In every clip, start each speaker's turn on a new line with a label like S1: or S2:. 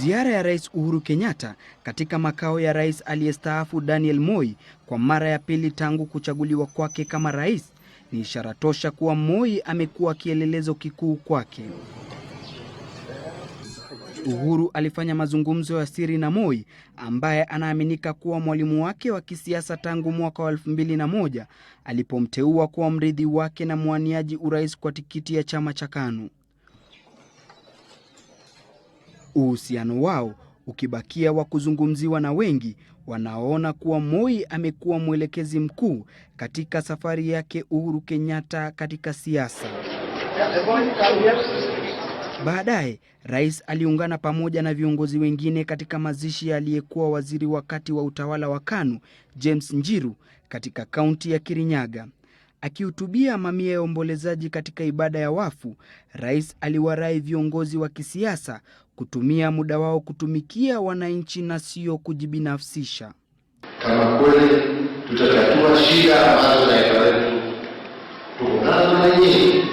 S1: Ziara ya Rais Uhuru Kenyatta katika makao ya rais aliyestaafu Daniel Moi kwa mara ya pili tangu kuchaguliwa kwake kama rais ni ishara tosha kuwa Moi amekuwa kielelezo kikuu kwake. Uhuru alifanya mazungumzo ya siri na Moi ambaye anaaminika kuwa mwalimu wake wa kisiasa tangu mwaka wa 2001 alipomteua kuwa mrithi wake na mwaniaji urais kwa tikiti ya chama cha KANU uhusiano wao ukibakia wa kuzungumziwa na wengi wanaona kuwa Moi amekuwa mwelekezi mkuu katika safari yake Uhuru Kenyatta katika siasa. Baadaye rais aliungana pamoja na viongozi wengine katika mazishi ya aliyekuwa waziri wakati wa utawala wa KANU James Njiru katika kaunti ya Kirinyaga. Akihutubia mamia ya ombolezaji katika ibada ya wafu, rais aliwarai viongozi wa kisiasa kutumia muda wao kutumikia wananchi na sio kujibinafsisha.
S2: Kama kweli tutatatua shida ambazo taifa letu tuko nazo na nyinyi,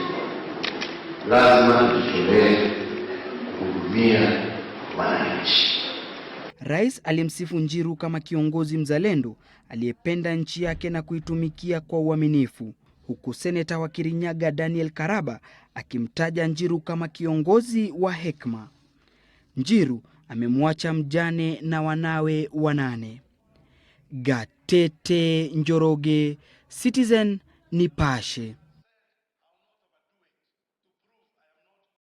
S2: lazima tujitolee kuhudumia wananchi.
S1: Rais alimsifu Njiru kama kiongozi mzalendo aliyependa nchi yake na kuitumikia kwa uaminifu, huku seneta wa Kirinyaga Daniel Karaba akimtaja Njiru kama kiongozi wa hekima. Njiru amemwacha mjane na wanawe wanane. Gatete Njoroge, Citizen Nipashe.